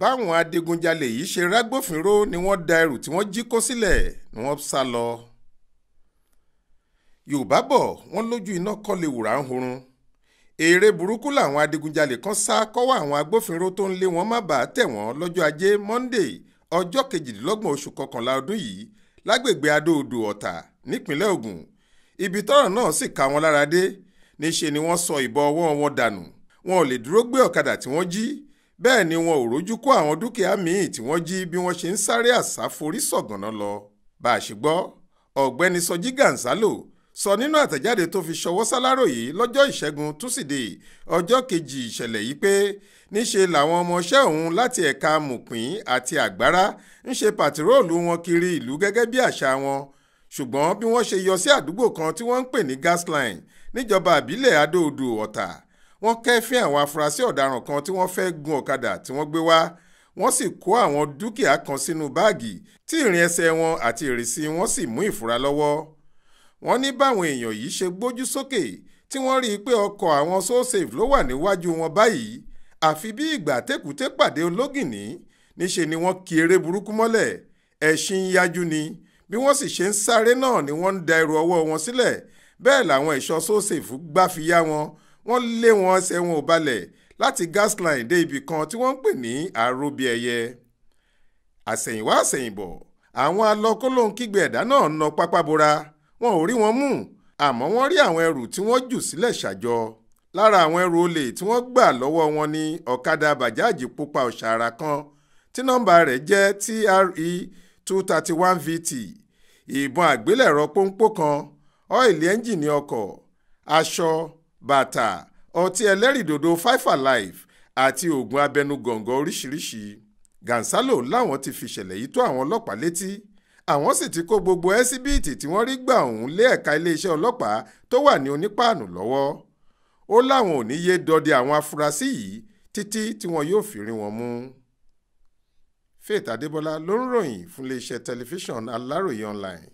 báwọn adigunjalè yìí ṣe rágbófinró ni wọ́n da ẹrù tí wọ́n jí kó sílẹ̀ ni wọ́n sá lọ. yorùbá bọ̀ wọ́n lójú iná kọ́ lè wùrà ń horun èrè burúkú làwọn adigunjalè kan sá kọ́wọ́ àwọn agbófinró tó ń lé wọn má bàa tẹ̀ wọ́n lọ́jọ́ ajé monday ọjọ́ kejìdínlọ́gbọ̀n oṣù kọkànlá ọdún yìí lágbègbè adóodò ọ̀tà nípínlẹ̀ ògùn ibi tọ́rọ̀ náà sì ká wọn lára dé ni wọ́n sọ ìbọn ọwọ́ wọn dànù wọn ò lè dúró gbé ọ̀kadà tí wọ́n jí bẹ́ẹ̀ ni wọn ò rójú kó àwọn dúkìá míì tí wọ́n jí bí wọ́n ṣe ń sáré àsáforí sọ̀gànná lọ. bá a ṣe gbọ́ ọ̀gbẹ́ni sọjí gonzalo sọ nínú àtẹ̀jáde tó fi ṣọwọ́ sáláròyé lọ́jọ́ ìṣẹ́gun túsídẹ̀ẹ́ ọjọ́ kejì ìṣẹ̀lẹ̀ yìí pé níṣe làwọn ọmọọṣẹ́ òun láti ẹ̀ka mùpín àti àgbára ń ṣe pàtiróòlù wọn kiri ìlú gẹ́gẹ́ bí àṣà wọn ṣùgbọ́n bí wọ́n ṣe yọ sí àdúgbò kan tí wọ́n ń pè ní gasline níjọba àbílẹ̀ adó ọ̀tà wọ́n kẹ́fín àwọn afurasí ọ̀daràn kan tí wọ́n fẹ́ gun ọ̀kadà tí wọ́n gbé wá wọ́n sì kó àwọn dúkìá kan sínú báàgì tí ìrìn ẹsẹ̀ wọn àti ìrìsí wọn sì mú ìfura lọ́wọ́ wọ́n ní báwọn èèyàn yìí ṣe gbójú sókè tí wọ́n rí i pé ọkọ̀ àwọn so-safe ló wà níwájú wọn báyìí àfi bí ìgbà tẹkùtẹ pàdé ológìnní níṣe ni wọ́n ki eré burúkú mọ́lẹ̀ ẹṣin yájú ni bí wọ́n sì ṣe ń sáré náà ni wọ́n ń da ẹrù ọwọ́ wọn sílẹ̀ bẹ́ẹ̀ làwọn ẹ̀ṣọ́ so-safe gbá fi yá wọn wọ́n lé wọn sẹ́wọ̀n ò balẹ̀ láti gasline dé ibì kan tí wọ́n ń pè ní àròbíẹyẹ àsẹ̀yìnwá àsẹ̀yìnbọ̀ àwọn alọ́kólóhùn kígbe ẹ̀dá náà nà pápá bora wọn ò rí wọn mú àmọ́ wọ́n rí àwọn ẹrù tí wọ́n jù sílẹ̀ ṣàjọ lára àwọn ẹrù olè tí wọ́n gbà lọ́wọ́ wọn ni ọ̀kadà bàjáàjì pupa ọ̀ṣàrà kan tí nọ́mbà rẹ̀ jẹ́ TRE two thirty one VT ìbọn àgbélẹ̀rọ pọ́npọ́ kan ọ́ìlì ẹ́ńjìnì ọkọ̀ aṣọ bàtà ọtí ẹlẹ́rìndòdò five alive àti oògùn abẹnugọ̀ngọ̀ oríṣiríṣi Gansalo láwọn ti fìṣẹ̀lẹ̀ yìí tó àwọn ọlọ́pàá létí àwọn sì ti kó gbogbo ẹsíbíìtì tí wọ́n rí gbà ọ̀hún lé ẹ̀ka iléeṣẹ́ ọlọ́pàá tó wà ní onípàànù lọ́wọ́ ó láwọn ò ní yé dọdẹ àwọn afurasí yìí títí tí wọn yóò fi rí wọn mú. Faith Adébọlá ló ń ròyìn fún iléeṣẹ́ tẹlifíṣàn Aláròye online.